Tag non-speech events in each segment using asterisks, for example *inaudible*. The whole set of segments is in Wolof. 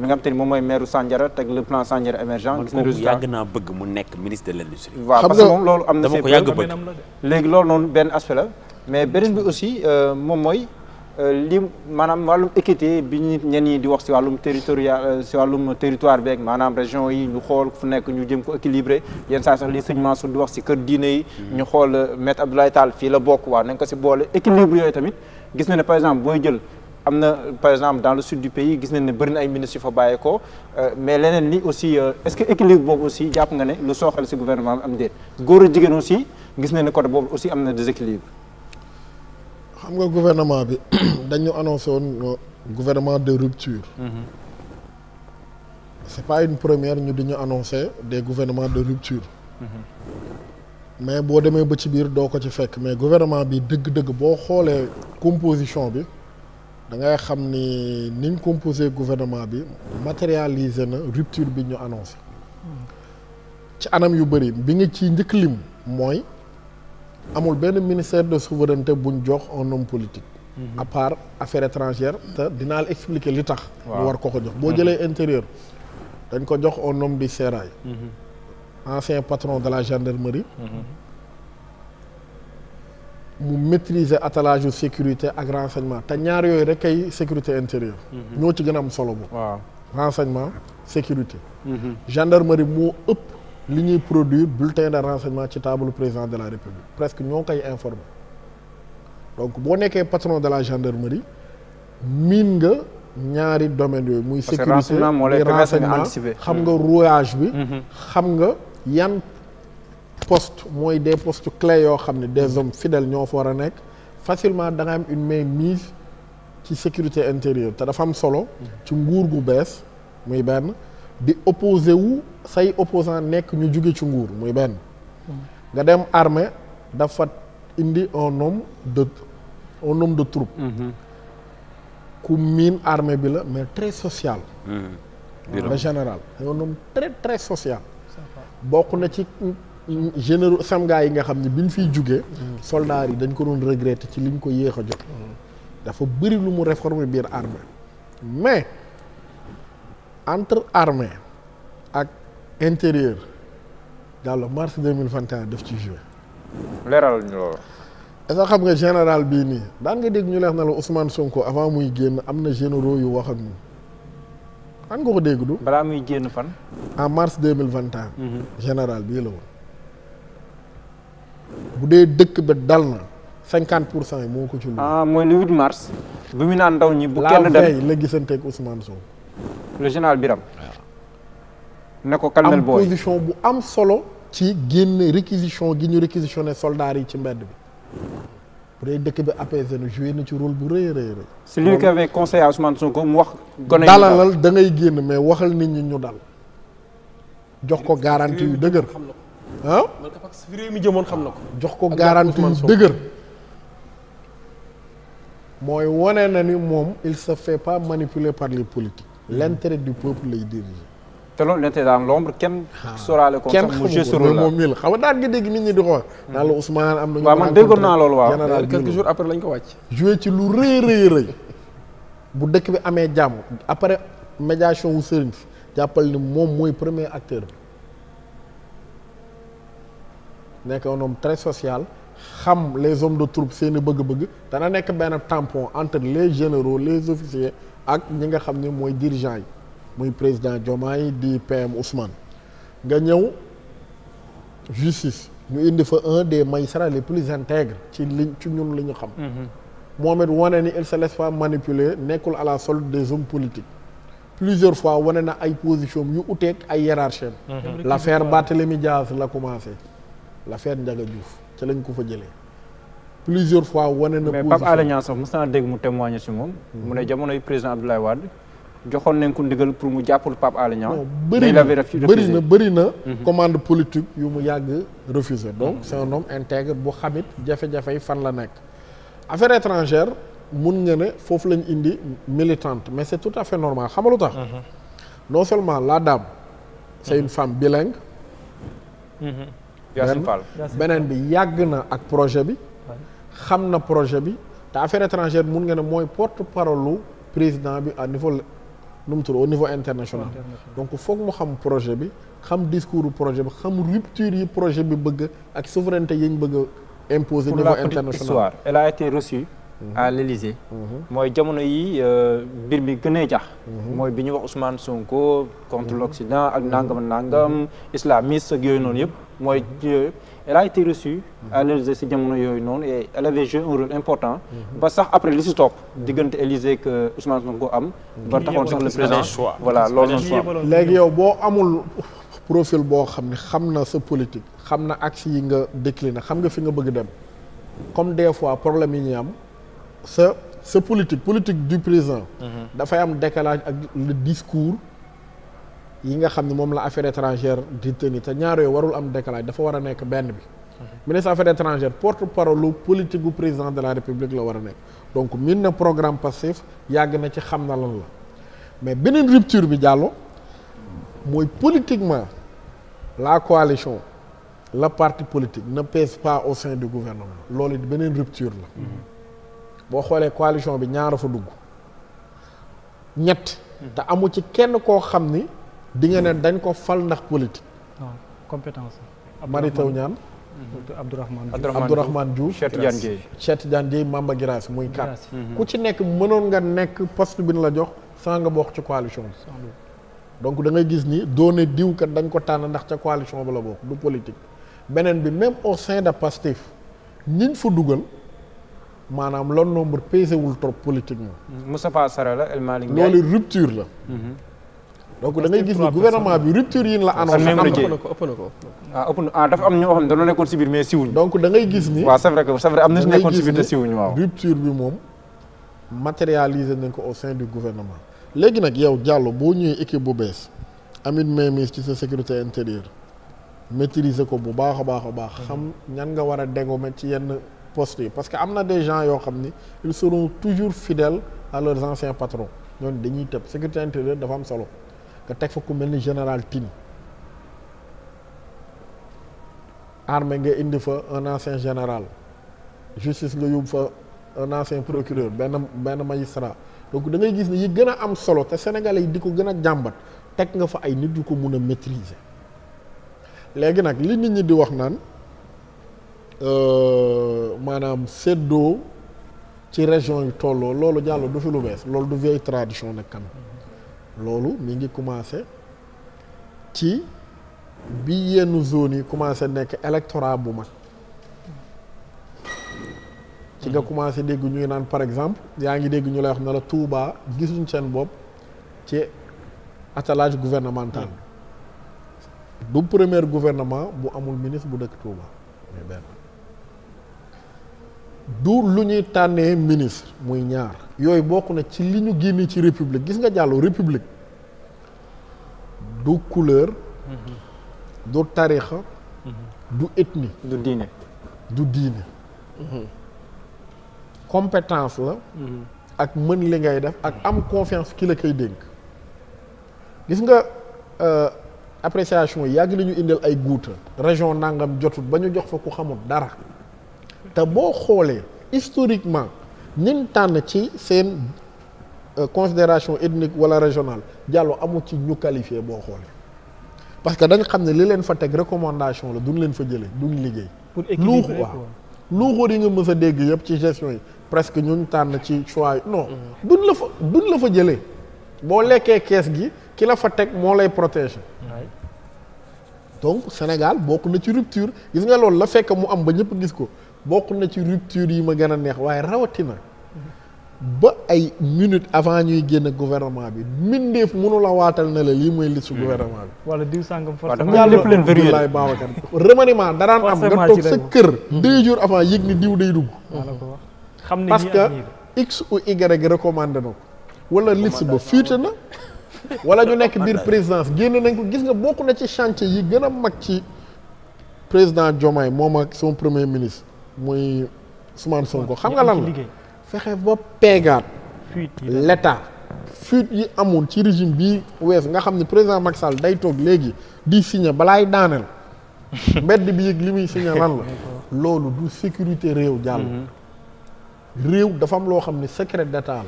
mi nga xam te ni moom mooy maire Sandiara teg le plan Sandiara émergent gis na résultat yàgg nekk ministre de l'industrie waaw parce que moom loolu la mais beneen bi aussi euh, moom mooy euh, li maanaam wàllum équité bi ñu ñen ñi di wax si wàllum territorial euh, si wàllum territoire beeg maanaam région yi ñu xool fu nekk ñu jëm ko équilibré yenn saa sax li sëñ Mansour wax si kër diine yi mm-hmm. ñu xool maître Abdoulaye Tall la bokk waaw nañ ko si boole équilibre yooyu tamit gis na ne par exemple booy jël am na par exemple dans le sud du pays gis nañ ne bëri na ay ministres yu fa bàyyeekoo euh, mais leneen li aussi euh, est-ce que équilibre boobu aussi jàpp nga ne lu sooxal si gouvernement bi am déet góor a gis nañ ne côté boobu aussi am na déséquilibre. xam nga gouvernement bi *clears throat* dañu annoncé woon euh, gouvernement de rupture. Mhm. c'est pas une première ñu di ñu annoncé des gouvernements de rupture. Mhm. mais boo demee ba ci biir doo ko ci fekk mais gouvernement bi dëgg-dëgg boo xoolee composition bi. da ngay xam ni niñ composé gouvernement bi matérialisé na rupture bi ñu annoncé ci anam yu bëri bi nga ci njëkk lim mooy amul benn ministère de souveraineté buñ jox un homme politique mhm. à part affaires te dinaa la expliquer li tax ñu war ko ko jox boo mhm. jëlee intérieur dañ ko jox un homme du sérail mhm. ancien patron de la gendarmerie mu maîtriser attelage sécurité ak renseignement te ñaar yooyu rek kay sécurité intérieure. Mhm. ñoo ci gën a am solo bu waaw renseignement sécurité. Mhm. gendarmerie moo ëpp li ñuy produire bulletin de renseignement ci table président de la république presque ñoo koy informer donc boo nekkee patron de la gendarmerie miin nga ñaari domaine yooyu. muy sécurité muy renseignement xam nga rouage bi. Mhm. xam nga yan. poste mooy des postes clés yoo xam ne des hommes fidel ñoo fa war a nekk facilement da am une main mise ci sécurité intérieure te dafa am solo ci nguur gu bees muy benn di opposé wu say opposant nekk ñu juge ci nguur muy benn nga dem armée dafa indi un nom de un homme de troupe mhm. ku miin armée bi la mais très social mhm. général un homme très très social bokk na ci généraux sam gaa yi nga xam ne bi ñu fiy jugee. Mm. soldats yi dañ ko doon regretter ci li liñ ko yéex a jot. Mm. dafa bëri lu mu réformer biir armée mais entre armée ak intérieur daal la mars mille vingt et un ci joué. leeral ñu xam nga général bii nii daan nga dégg ñu leex na la Ousmane Sonko avant muy génn am na généro yu wax ak ñun. an nga ko dégg du. balaa muy génn fan. en mars deux mille vingt et mm-hmm. général bii la woon. bu dee dëkk ba dal na cinquante pour cent yi moo ko ci lu ah mars. bu mu naan ndaw ñi bu kenn dem la gisanteeg Ousmane Sow. le général Birame. ne ko calmel booy am position bu am solo. ci génn réquisition gi ñu réquisitionné soldats yi ci mbedd bi. bu dee dëkk bi apaisé na joué na ci rôle bu rëy a rëy. c'est lui qui avait conseillé à Ousmane Sonko mu wax. gone dalalal da ngay génn mais waxal nit ñi ñu dal. jox ko garantie yu dëgër. ah man mi jëmoon xam na ko. jox ko garantie dëgër. mooy wane na ni moom il se fait pas manipuler par les politiques. Hmm. l' intérêt du peuple lay diriger. te loolu l' intérêt dans l' ombre kenn. Ah. sóoraale ko sax monsieur Sorola kenn moom mii la xam nga daan nga dégg nit ñi di ko naa hmm. naan la Ousmane am na. ñu waaw man déggoon naa loolu waaw général quelques jours après lañ ko wàcc. joué ci lu rëy rëy rëy. bu dëkk bi amee jàmm après médiation wu sëriñ fi jàppal ni moom mooy premier acteur bi. nekk un homme très social xam les hommes de troupe seen i bëgg-bëgg dana nekk benn tempon entre les généraux les officiers ak ñi nga xam ni mooy dirigeants yi muy président Diomaye di PM Ousmane nga ñëw justice ñu indi fa un des magistrats les plus intègres ci li ci ñun li ñu xam mhm. moom it wane ni il se laisse pas manipuler nekkul à la solde des hommes politiques plusieurs fois wane na ay position yu ute uteeg ay hiérarchie mhm. l'affaire Barthélémy Diaz la commencé l'affaire Ndiaga Diouf ca lañ ko fa jëlee plusieurs fois wane na. position mais Pape sax mos naa dégg mu témoigner ci moom. Mhm. mu ne jamonoy président Abdoulaye Wade joxoon nañ ko ndigal pour mu jàppul Pape Alé Niang. bëri na bëri na bëri mhm. commande politique yu mu yàgg refusé. donc mhm. c'est un homme bu xamit jafe-jafe fan la nekk. affaire étrangère mun nga ne foofu lañu indi militante mais c'est tout à fait normal xam nga lu tax. non seulement la dame. sa une femme bilingue. Yacine Fall beneen bi yàgg na ak projet bi xam na projet bi te affaire étrangère mun nga ne mooy porte parole lu président bi à niveau nu mu tudd au niveau international donc foog mu xam projet bi xam discours projet bi xam rupture yi projet bi bëgg ak souveraineté yi ñu bëgg a imposer niveau international histoire elle a été mhm. mhm. mooy jamono yi euh, mbir mi gën a jax mhm. mooy bi ñu wax Ousmane Sonko contre l'Occident ak nangam nangam islamiste ak yooyu noonu yëpp mooy mhm. elle a été reçue mhm. à l'Élysée si yooyu noonu et elle avait joué un rôle important mhm. ba sax après lu si topp diggante Élysée que euh, Ousmane Sonko am ba taxoon sax le président voilà loolu choix léegi yow boo amul profil boo xam ne xam na sa politique xam na axe yi nga décliné xam nga fi nga bëgg dem comme des fois problème yi ñuy am sa sa politique politique du président dafay am décalage ak le discours yi nga xam ne moom la affaire étrangère di tenir te ñaar warul am décalage dafa war a nekk benn bi. ministre affaires étrangères porte parole lu politique bu président de la république la war a nekk donc min na programme passif yàgg na ci xam na la mais beneen rupture bi jàllo mooy politiquement la coalition la parti politique ne pèse pas au sein du gouvernement loolu it beneen rupture la boo xoolee coalition bi ñaar fa dugg ñett te amu ci kenn koo xam ni di nga ne dañ ko fal ndax politique. waaw compétence. Mary Teuw Niane. Abdourahmane Diouf Abdourahmane Diouf Cheikh Tidiane Dièye Cheikh Tidiane Dièye Mamba Guirassy muy quatre. Mhm. ku ci nekk mënoon nga nekk post bi ñu la jox sans nga bokk ci coalition bi. donc dangay gis ni doone diw kat dañ ko tànn ndax ca coalition ba la bokk du politique. beneen bi même au sein de Pastef ñiñ fu dugal maanaam loolu nombre pesé wul trop politique moom. Moustapha Sarr la El Malick Ndiaye loolu rupture la. Mhm. donc dangay ngay gis ni gouvernement bi rupture yi la annoncé am ëpp na ko ëpp na ah, na ah ni waaw c'est vrai que matérialiser nañ ko au sein du gouvernement léegi nag yow Diallo boo ñëwee équipe bu bees amit mainmise ci sa sécurité intérieure maîtriser ko bu baax a baax a baax xam ñan nga war a dégommer ci yenn postes yi parce que am na des yoo xam ni ils toujours fidèles à leurs anciens patrons ñoon dañuy tëb sécurité intérieure dafa am solo nga teg fa ku mel ni général Tine armée nga indi fa un ancien général justice nga yóbbu fa un ancien procureur benn benn magistrat donc da gis ni yi gën a am solo te sénégalais yi di ko gën a jàmbat teg nga fa ay nit yu ko mun a maîtriser léegi nag li nit ñi di wax naan euh, maanaam séddoo ci région yu tolloo loolu jàll du fi lu bees loolu du vieille tradition nag quand loolu mi ngi commencé ci bi yenn zone yi commencé nekk électorat bu mag ci nga commencé dégg ñu ngi naan par exemple yaa ngi dégg ñu la wax ne la Touba gisuñ seen bopp ci attelage gouvernemental du premier gouvernement bu amul ministre bu dëkk Touba du lu ñuy tànnee ministre muy ñaar yooyu bokk na ci li ñu génne ci république gis nga jàllu république du couleur mhm. du tarixa mhm. du ethnie du diine du diine mhm. compétence la ak mën li ngay def ak am confiance ki la koy dénk gis nga euh, appréciation yi yàgg nañu indil ay guuta région nangam jotut ba ñu jox fa ku xamul dara te boo xoolee historiquement ñin tànn ci seen Euh, considération ethnique wala régional Diallo amul ci ñu qualifié boo xoolee parce que dañ xam ne li leen fa teg recommandation la duñ leen fa jëlee duñ liggéey. pour équilibrer waaw luuxu yi nga mës a dégg yëpp ci gestion yi presque ñun tànn ci choix yi non. la fa duñ la fa jëlee boo lekkee kees gi ki la fa teg moo lay protéger. donc Sénégal bokk na ci rupture gis nga loolu la fekk mu am ba ñëpp gis ko bokk na ci rupture yi ma gën a neex waaye rawatina. ba ay minute avant ñuy génn gouvernement bi mbindeef mënu la waatal na la lii mooy liste hmm. gouvernement bi. wala diw sàngam forcément ñaar lépp leen verrouillé Abdoulaye Babacar remaniement daraan am nga toog sa kër. Hmm. deux jours avant yëg ni diw day dugg. xam ne parce que x ou y recommandé na ko. wala liste ba fuite na. *laughs* wala ñu nekk biir présidence génn nañ ko gis nga bokk na ci chantier yi gën a mag ci président yi moom ak son premier ministre muy Ousmane Sonko xam nga lan la. fexe ba peegaat l'état fuite yi amoon ci régime bi wees nga xam ne président Macky Sall day toog léegi di signé balaay daaneel *laughs* mbedd bi yëg li muy signé lan la loolu du sécurité réew jàll mhm. réew dafa am loo xam ne secret d'état la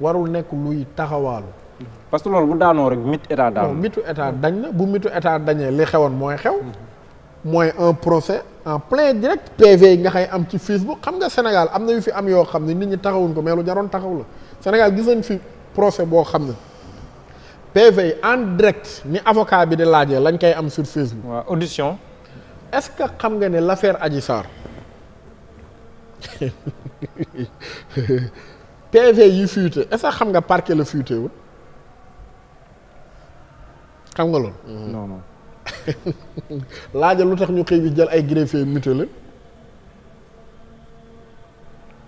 warul nekk luy taxawaalu parce que loolu bu daanoo rek mitu état daal mitu état dañ na bu mitu état dañee li xewoon mooy xew mhm. mooy un procès en plein direct PV yi nga xay am ci Facebook xam nga Sénégal am na yu fi am yoo xam ne nit ñi taxawuñ ko mais lu jaroon taxaw la Sénégal gis nañ fi procès boo xam ne PV en direct ni avocat bi di laajee lañ koy am sur Facebook. waaw audition. est-ce que xam nga ne la l'affaire aji Sarr *laughs* PV yi fuité est-ce que xam nga parquet la fuité wul xam nga loolu. *laughs* laajal lu tax ñu xëy bi jël ay greffier mutilé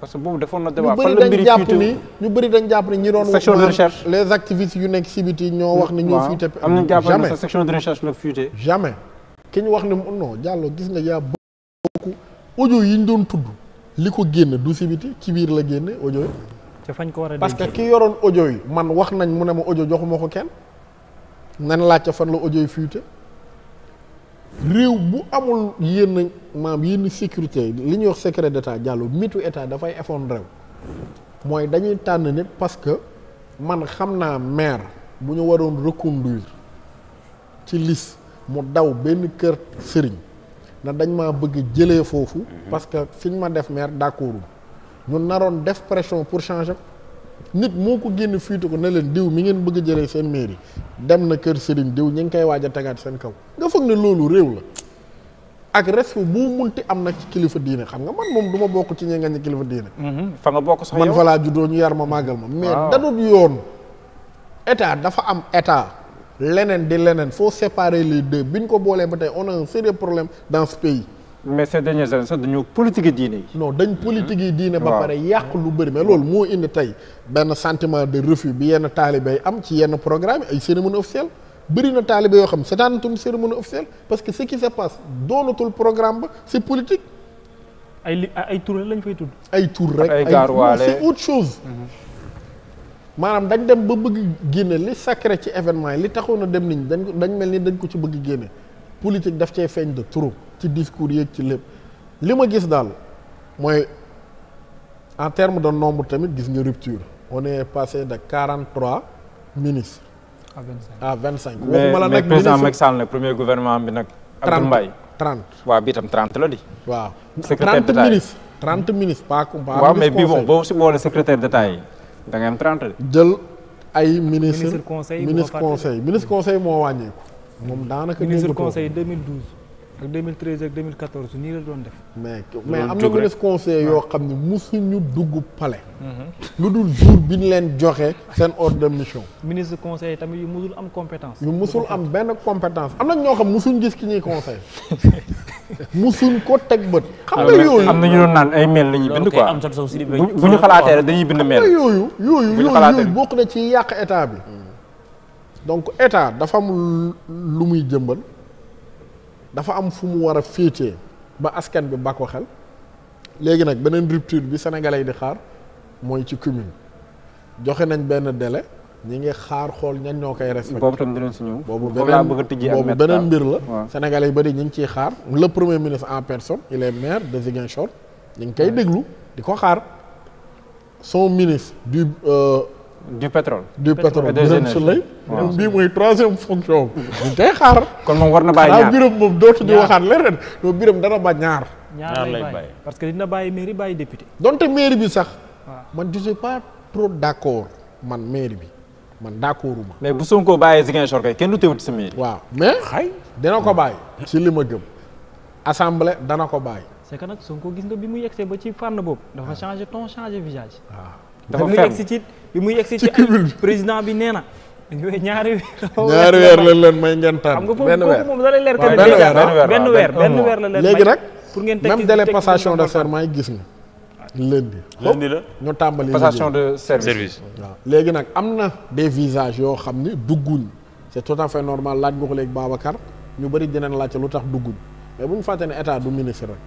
parce que boobu defoon na débat fan la mbiri fuite ni ñu bëri dañ jàpp ni ñi doon section de recherche les activistes yu nekk si biti ñoo wax nañ jàpp ne sa section de recherche la fuité jamais ki ñu wax ne non Diallo gis nga yaa bokku audio yi ñu doon tudd li ko génn du ci biir la génne audio te fañ ko war a ki yoroon audio yi man wax nañ mu ne ma audio joxuma ko kenn nan laaj ca fan la audio yi réew bu amul yenn maam yenn sécurité li ñuy wax secret d'état jàllu mitu état dafay effondré réew mooy dañuy tànn nit parce que man xam naa maire bu ñu waroon reconduire ci lis mu daw benn kër sëriñ na dañ ma bëgg jëlee foofu parce que fi ma def maire d'accordul ñu naroon def pression pour changer nit moo ko génn fiitu ko ne leen diw mi ngeen bëgg a seen mairie dem na kër sëriñ diw ñu ngi koy waaja tegaat seen kaw nga foog ne loolu réew la ak respect mun munti am nag ci kilifa diine xam nga man moom du ma bokk ci ñi nga ñi kilifa diine. Mhm, fa nga bokk sax man fa laa juddoo ñu yar ma màggal ma. mais dadut yoon état dafa am état. leneen di leneen foo séparer les deux bi ñu ko boolee ba tey on a un sérieux problème dans ce pays. mais ces dernières années sax dañoo politique diine yi. non dañ politique yi diine. ba pare yàq lu bëri mais loolu moo indi tey benn sentiment de refus bi yenn taalibe yi am ci yenn programme ay cérémonie officielle bëri na taalibe yoo xam seetaanatul cérémonie officielle parce que ce qui se passe doonatul programme ba c'est politique. ay li ay tour lañ fay tudd. ay tour rek ay gaaruwaale c'est autre chose. maanaam dañ dem ba bëgg génne li sacré ci événement yi li taxoon na dem nit ñi dañ dañ mel ni dañ ko ci bëgg génne politique daf cee feeñ de trop. ci discours yeeg ci lépp li ma gis daal mooy en terme de nombre tamit gis nga rupture on est passé de 43 ministres. à 25 à 25. waxuma la nag ministre mais président Macky Sall nag premier gouvernement bi nag. 30 Abdou Mbaye 30 bii tam 30 la waaw 30 ministres. 30 ministres pas pas waaw mais bii moom boo si boole secrétaire d'état yi da ngay am 30 de. jël ay ministres ministre conseil ministre conseil ministre conseil moo wàññeeku. moom daanaka ministre conseil 2012. ak 2013 ak 2014 nii la doon def. mais mais am na ministre conseil yoo xam ne musuñu dugg palais. Mhm. lu dul jour bi ñu leen joxe seen ordre de mission. ministre conseil tamit yu musul am compétence. yu musul am benn compétence am nañ ñoo xam musuñ gis ki ñuy conseil *laughs* musuñ ko teg bët. xam nga ah, yooyu am na ñu naan ay mail la ñuy bind quoi bu ñu xalaatee rek dañuy bind mail. xam nga yooyu yooyu yooyu bokk na ci yàq état bi. Hmm. donc état dafa am lu muy jëmbal. dafa am fu mu war a féetee ba askan bi ba ko xel léegi nag beneen rupture bi sénégalais yi di xaar mooy ci commune joxe nañ benn délai ñi ngi xaar xool ñan ñoo koy respecté boobu tam dinañ si ñëw boobu beneen boobu beneen mbir la sénégalais yi bëri ñi ngi ciy xaar le premier ministre en personne il est maire de Ziguinchor ñu ngi koy déglu di ko xaar son ministre euh, du pétrole. du pétrole Birame Souleye. waaw bii mooy troisième fonction am. ñu koy xaar. kon moom war na bàyyi ñaar xanaa Birame moom dootuñu waxaat leneen. non Birame ba ñaar. ñaar lay parce que dina bàyyi mairie bàyyi député. donte mairie bi sax. man je suis pas trop d' accord man mairie bi man d' accord ma. mais bu Sonko bàyyee Ziguinchor kay kenn du teewut si mairie. waaw mais xay dina ko bàyyi. si li ma gëm. assemblée dana ko bàyyi. c'est nag Sonko gis nga bi mu yegsee ba ci fànn boobu. dafa ah. changé ton changé visage. waaw. Ah. dafa ferme bi muy egsi ci président bi nee na. ñaari weer la leen may ngeen tànn benn weer moom da lay benn weer benn weer la leen may léegi nag pour ngeen teg même délai passation de serment yi gis nga lundi lundi la ñu tàmbali passation de service waaw léegi nag am na des visages yoo xam ni dugguñ c' est à fait normal laaj nga ko léegi Babacar ñu bëri dinañ laajte lu tax dugguñ mais bu ñu fàtte ne état du ministre rek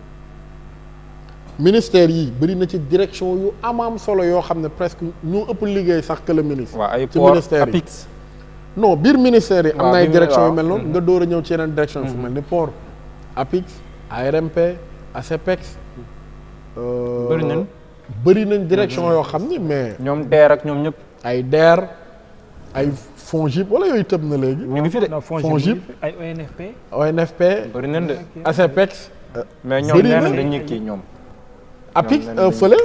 ministère yi bëri na ci direction yu amaam solo yoo xam ne presque ñoo ëpp liggéey sax que le ministre. waaw ay port APIX non biir ministère yi. am na ay direction yu mel noonu. Mm-hmm. nga door ñëw ci yeneen direction yu mm-hmm. mel ni poor APIX ARMP ASEPEX. Euh, bëri nañ bëri nañ direction mm-hmm. yoo xam ne mais. ñoom DER ak ñoom ñëpp. ay DER ay FONGIP wala yooyu tëb na léegi. ñu ngi fi de FONGIP ay ONFP. ONFP. bëri nañ de ASEPEX. Euh, mais ñoom nee nañ dañuy kii ñoom. apix euh, fële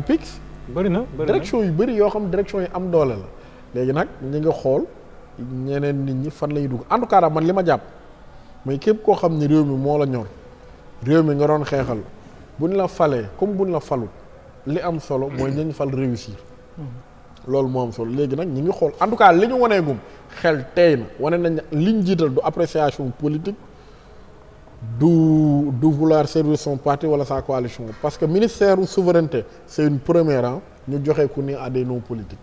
apix bëri na direction yu bëri yoo xam direction yu am doole la léegi nag ñu nga xool ñeneen nit ñi fan la dugg en tout cas man li ma jàpp mooy képp koo xam ni réew mi moo la ñor réew mi nga doon xeexal buñ la falee comme buñ la falut li am solo mooy ñañ fal réussir loolu moo am solo léegi nag ñu ngi xool en tout cas li ñu waneegum xel tey na wane nañ ñu jiital du appréciation politique du du vouloir servir son parti wala sa coalition parce que ministère u souveraineté c'est une première an ñu joxe ku ni à des non politiques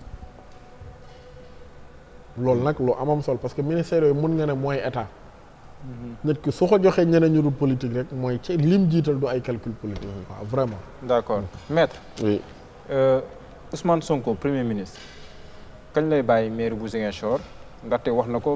loolu nag lu amam sol parce que ministère yooyu mun nga ne mooy état mhm. nit ki su ko joxee ñeneen ñu dul politique rek mooy ci lim jiital du ay calcul politique mhm. waaw vraiment d'accord mm. maitre oui euh, Ousmane Sonko premier ministre kañ lay bàyyi maire bu Ziguinchor ndaxte wax na ko